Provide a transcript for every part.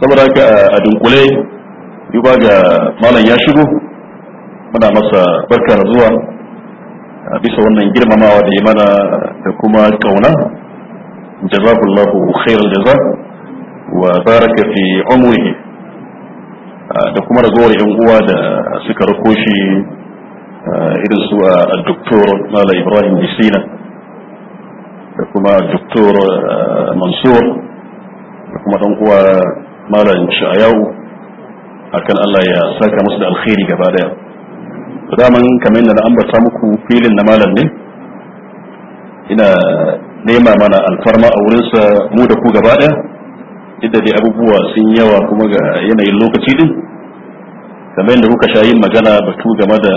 saboda haka eh, a dunkule yi ba ga malam ya shigo muna masa barka da zuwa bisa wannan girmamawa da yi mana da kuma kauna jazakullahu khairal jaza wa baraka fi umrihi eh, da kuma ragowar yan uwa da suka rako shi eh, irin su a doktor Malam ibrahim bisina da kuma doktor mansur da kuma dan uwa malam sha'ayau akan Allah ya saka musu da alkhairi gaba daya daman kamar yadda na ambata muku filin na malam ne ina nema mana alfarma a wurinsa mu da ku gaba daya duk dai abubuwa sun yawa kuma ga yanayin lokaci din kamar yadda kuka sha yin magana batu game da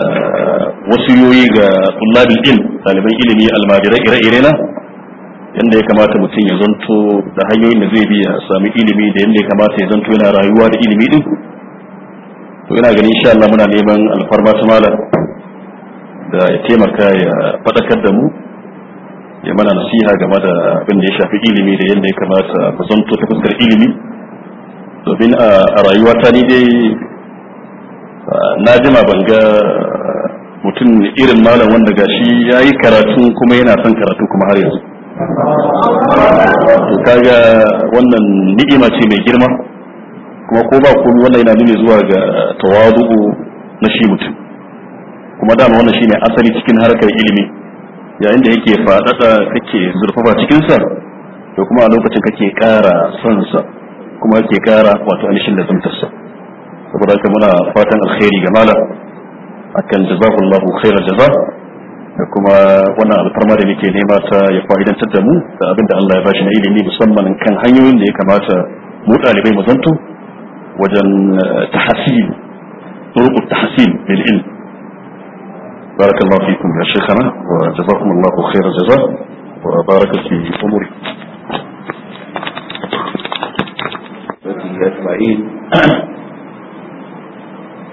wasu yoyi ga kullabin ɗin ɗaliban ilimi almajirai ire-ire na yadda ya kamata mutum ya zanto da hanyoyin da zai biya sami ilimi da yadda ya kamata ya zanto yana rayuwa da ilimi din to ina ganin insha Allah muna neman alfarma ta malam da ya taimaka ya fadakar da mu ya mana nasiha game da abin da ya shafi ilimi da yadda ya kamata mu zanto ta fuskar ilimi domin a rayuwa ta ni dai na jima ban ga mutum irin malam wanda gashi yayi karatu kuma yana son karatu kuma har yanzu to kaga wannan ni'ima ce mai girma kuma ko ba komai wannan yana nuni zuwa ga tawadu'u na shi mutum kuma dama wannan shine asali cikin harkar ilimi yayin da yake faɗaɗa kake zurfafa cikinsa, sa to kuma a lokacin kake ƙara son sa kuma kake ƙara wato alishin da zumtar sa saboda haka muna fatan alkhairi ga malam akan jazakallahu khairal jazaa kuma wannan alfarma da nake nema ta ya fa'idantar da mu da abin da Allah ya bashi na ilimi musamman kan hanyoyin da ya kamata mu ɗalibai mu zanto wajen tahsil طرق التحسين بالعلم بارك الله فيكم يا شيخنا وجزاكم الله khairan الجزاء wa baraka fi umuri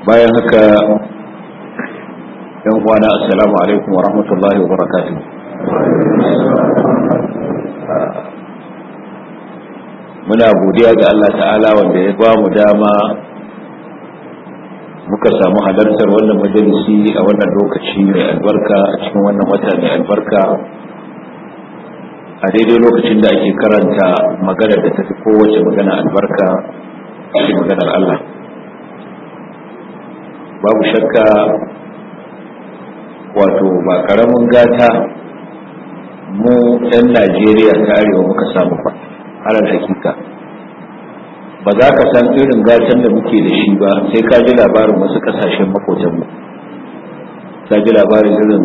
bayan haka yan uwana assalamu alaikum wa rahmatullahi wa muna godiya ga Allah ta'ala wanda ya ba mu dama muka samu halartar wannan majalisi a wannan lokaci mai albarka a cikin wannan wata mai albarka a daidai lokacin da ake karanta magana da ta fi kowace magana albarka a maganar Allah babu shakka wato ba karamin gata mu ɗan najeriya ta arewa muka samu ba alal hakika ba za ka san irin gatan da muke da shi ba sai ka ji labarin wasu ƙasashen makotanmu ka ji labarin irin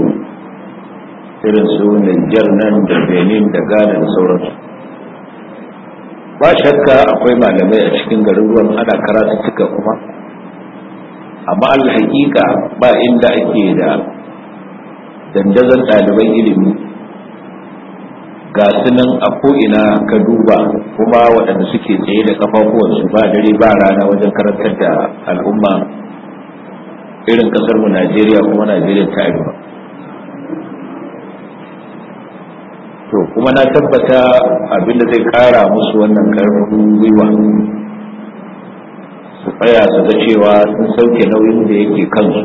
irin su Nijar nan da Benin da Ghana da sauransu ba shakka akwai malamai a cikin garin ruwan ana cika kuma amma hakika ba inda ake da dandazon ɗaliban ilimi ga sunan a ko'ina ka duba kuma waɗanda suke tsaye da kafafuwansu ba dare ba rana wajen karantar da al'umma irin ƙasarmu najeriya kuma najeriya ta arewa to kuma na tabbata abinda zai kara musu wannan karfin gwiwa su tsaya su ga cewa sun sauke nauyin da yake kansu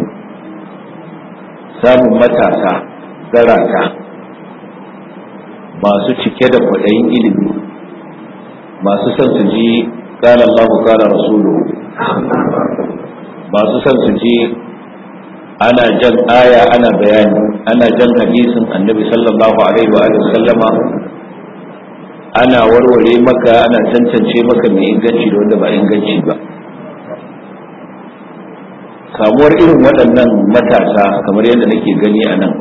samun matasa garata masu cike da kudayin ilimi masu son su ji ƙala Allahu ƙala rasulu masu son su ji ana jan aya ana bayani ana jan hadisin annabi sallallahu alaihi wa sallama ana warware maka ana tantance maka mai inganci da wanda ba inganci ba kamuwar irin waɗannan matasa kamar yadda nake gani a nan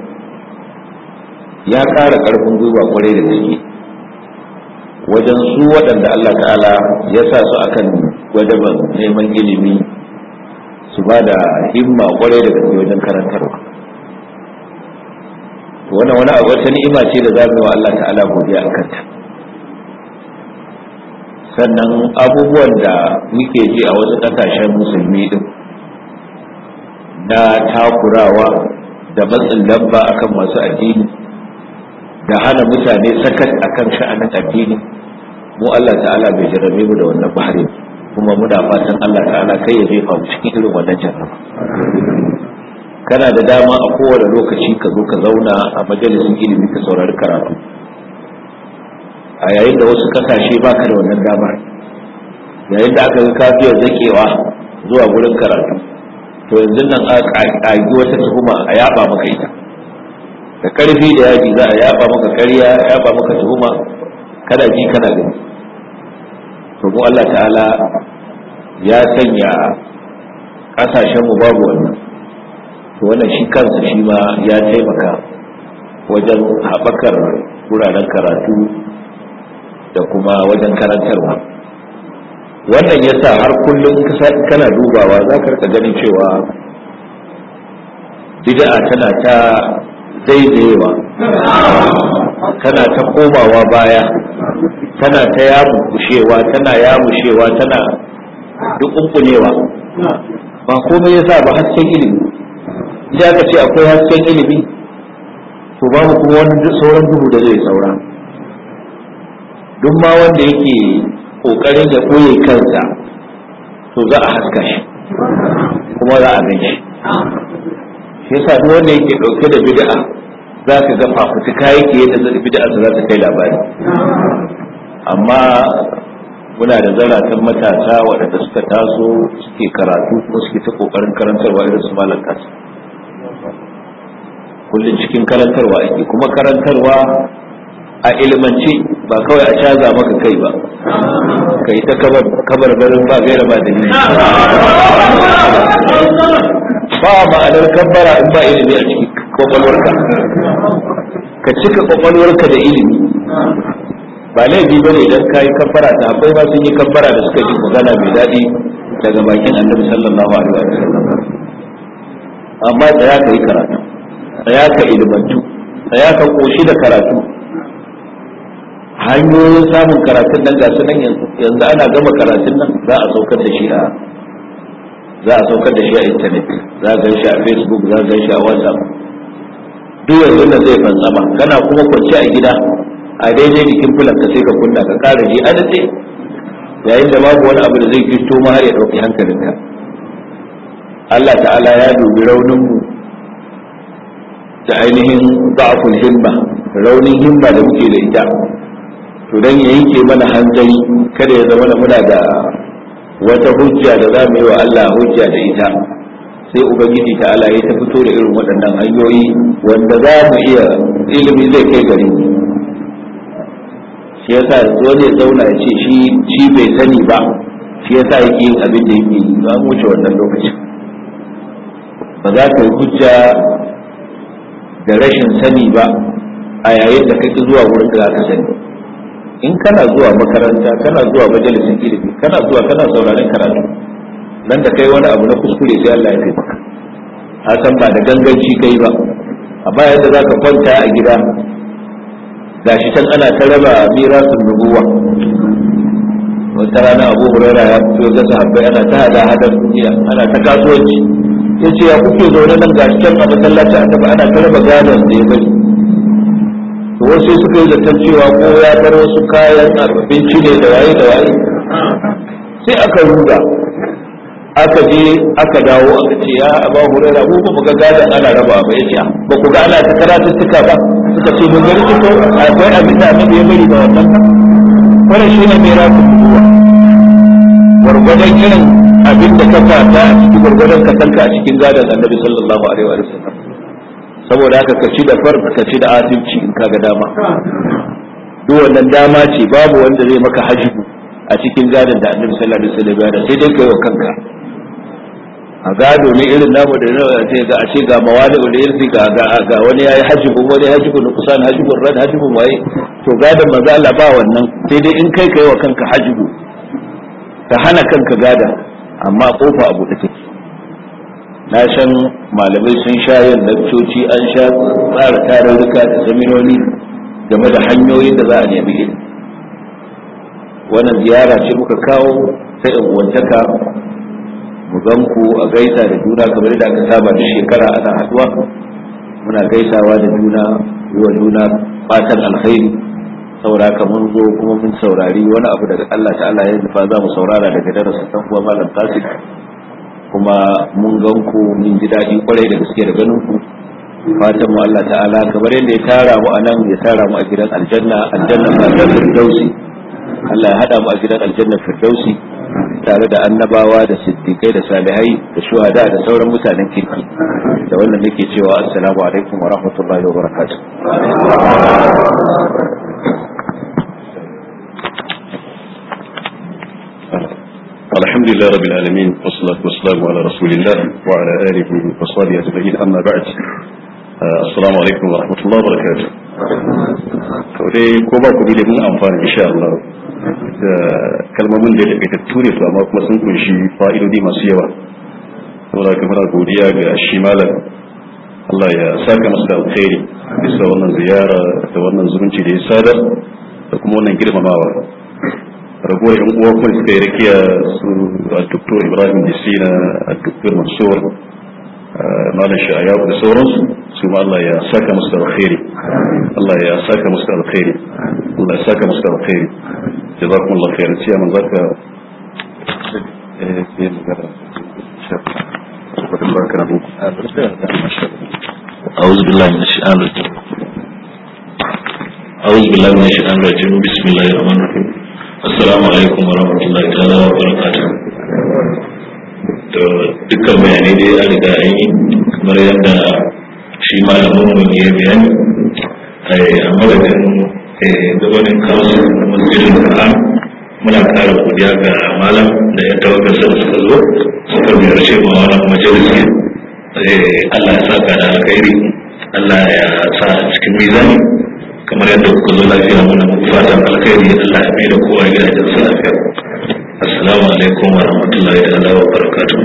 ya ƙara ƙarfin gwiwa kwarai da gaske wajen su waɗanda Allah ta'ala ya sa su akan gwajaban neman ilimi su ba da himma kwarai da gaske wajen karantarwa wannan wani abu wata ni'ima ce da za mu wa Allah ta'ala godiya a kanta sannan abubuwan da muke ji a wasu ƙasashen musulmi din na takurawa da matsin lamba akan masu addini da hana mutane sakat akan sha'anin addini mu Allah ta'ala bai jarabe mu da wannan bahari kuma muna fatan Allah ta'ala kai ya jefa mu cikin irin wannan jarraba kana da dama a kowane lokaci ka zo ka zauna a majalisin ilimi ka saurari karatu a yayin da wasu kasashe ka da wannan damar yayin da aka yi kafiyar zakewa zuwa wurin karatu to yanzu nan a ƙagi wata tuhuma a yaba maka ita da ƙarfi da yaji za a yaba maka ƙarya a yaba maka tuhuma kada ji kana gani to mu Allah ta'ala ya sanya ƙasashen mu babu wannan to wannan shi kansa shi ma ya taimaka wajen haɓakar wuraren karatu da kuma wajen karantarwa wannan ya sa har kullum kana dubawa za ka rika ganin cewa bid'a tana ta daidaiwa tana ta komawa baya tana ta kushewa tana shewa, tana duk dukunkunewa ba komai ya sa ba hasken ilimi idan aka ce akwai hasken ilimi to babu kuma wani sauran duhu da zai saura duk ma wanda yake kokarin ya koye kansa to za a haska shi kuma za a gani shi sa yasa duk wanda yake dauke da bid'a za ka ga fafutuka yake yadda da bid'a za ta kai labari amma muna da zaratan matasa waɗanda suka taso suke karatu kuma suke ta kokarin karantarwa irin su malam kasu kullum cikin karantarwa ake kuma karantarwa a ilimance ba kawai a caza maka kai ba ka yi ta kabar barin ba gaira ba da ba ma'anar kabbara in ba ilimi a cikin kwakwalwarka ka cika kwakwalwarka da ilimi ba laifi ba ne idan ka yi kabbara ta akwai ba sun yi kabbara da suka yi magana mai daɗi daga bakin annabi sallallahu alaihi wa sallam amma tsaya ka yi karatu tsaya ka ilimantu tsaya ka koshi da karatu hanyoyin samun karatun nan ga nan yanzu ana gama karatun nan za a saukar da shi a za a saukar da shi a intanet za a ganshi a facebook za a ganshi a whatsapp duk yanzu nan zai fantsama kana kuma kwanci a gida a daidai jikin fulan ka sai ka kunna ka kara ji a dace yayin da babu wani abu da zai fito ma har ya hankalin ka Allah ta'ala ya dubi raunin mu da ainihin ba'aful himma raunin himma da muke da ita to dan ya yanke mana hanzari kada ya zama muna da wata hujja da za mu yi wa Allah hujja da ita sai ubangiji ta ala ya ta fito da irin waɗannan hanyoyi wanda za mu iya ilimi zai kai gari shi yasa wani ya zauna ya ce shi shi bai sani ba shi yasa yake yin abin da yake yi za mu wuce wannan lokacin ba za ka yi hujja da rashin sani ba a yayin da kake zuwa wurin da za ka sani in kana zuwa makaranta kana zuwa majalisin ilimi kana zuwa kana sauraron karatu nan da kai wani abu na kuskure sai Allah ya taimaka a san ba da ganganci kai ba amma yadda zaka kwanta a gida gashi can ana ta raba mirasun nubuwa wata rana abu hurara ya fito ga sahabbai ana ta hada hadar duniya ana ta kasuwanci ya ce ya kuke zaune nan gashi can a masallacin annabi ana ta raba gadon da ya bari wasu suka yi zaton cewa ko ya bar wasu kayan abinci ne da waye da waye sai aka ruga aka je aka dawo aka ce ya aba hurera mu ba ga gada ana raba ba yace ah, ba ku ga ana ta karatu suka ba suka ce mun gari kito akwai abin da annabi ya bari ba wannan shi ne mai rafi duwa gwargwadon irin abin da ka fata a cikin gurgurdan ka tanka a cikin gadan annabi sallallahu alaihi wa sallam saboda haka ka ci da farz ka ci da asibci in kaga dama duk wannan dama ce babu wanda zai maka hajju a cikin gadon da annabi sallallahu alaihi wasallam ya da sai dai kai wa kanka a gado ne irin namu da ne ga a ce ga mawali da irsi ga ga wani yayi hajjibun wani hajjibun kusan hajjibun rad hajjibun mai. to gadon manzo Allah ba wannan sai dai in kai kai wa kanka hajjibu ka hana kanka gada amma kofa abu take na san malamai sun sha yin lakcoci an sha tsara tarurruka da zaminoni game da hanyoyin da za a nemi ilimi wannan ziyara ce muka kawo ta uwantaka mu zan ku a gaisa da juna kamar da aka saba da shekara ana haduwa muna gaisawa da juna wa juna fatan alkhairi saura mun zo kuma mun saurari wani abu daga Allah ta'ala ya nufa za mu saurara daga darasin kuwa malam tasik kuma mun gan ku mun ji daɗi kwarai da gaske da ganin ku fatan mu Allah ta'ala kamar yadda ya tara mu a nan ya tara mu a gidan aljanna aljanna ta firdausi Allah ya hada mu a gidan aljanna firdausi tare da annabawa da siddiqai da salihai da shuhada da sauran mutanen kirki da wannan nake cewa assalamu alaikum wa rahmatullahi wa barakatuh الحمد لله رب العالمين والصلاة والسلام على رسول الله وعلى آله وصحبه أجمعين أما بعد السلام عليكم ورحمة الله وبركاته ودي كوبا كوبي من أنفان إن شاء الله كلمة من دي لقيت التوري فلا ما كما شي فائل دي ما ولكن هنا قوليا الشمال الله يا ساكا مصدع الخير بسوى أن الزيارة تورنا الزمن تشيدي السادة تكمونا نجرب ماوا ragowar yan uwa kun suka yi rakiya su a doktor ibrahim disina a doktor mansur malam sha'aya da sauransu su ma Allah ya saka musu da alkhairi Allah ya saka musu da alkhairi Allah ya saka musu da alkhairi Allah khairan ciya man zaka eh sai magana أعوذ بالله من الشيطان الرجيم أعوذ بالله من الشيطان الرجيم بسم الله الرحمن الرحيم Assalamu alaikum wa rahmatullahi ta'ala wa barakatuh. To dukkan bayanai dai an riga an yi kamar yadda shi malamin mu. ya bayani eh, a madadin eh, gabanin kawo masjidin Qur'an muna ƙara godiya ga malam da ya tawagar sa suka zo suka ziyarce ma wannan majalisi eh, Allah ya sa saka da alkhairi Allah ya sa cikin mizani kamar yadda kuka zo lafiya muna fatan alkhairi Allah ya mai da kowa gidajen su lafiya assalamu alaikum wa rahmatullahi ta'ala wa barakatuh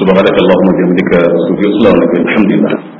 subhanaka allahumma wa bihamdika subhanallahi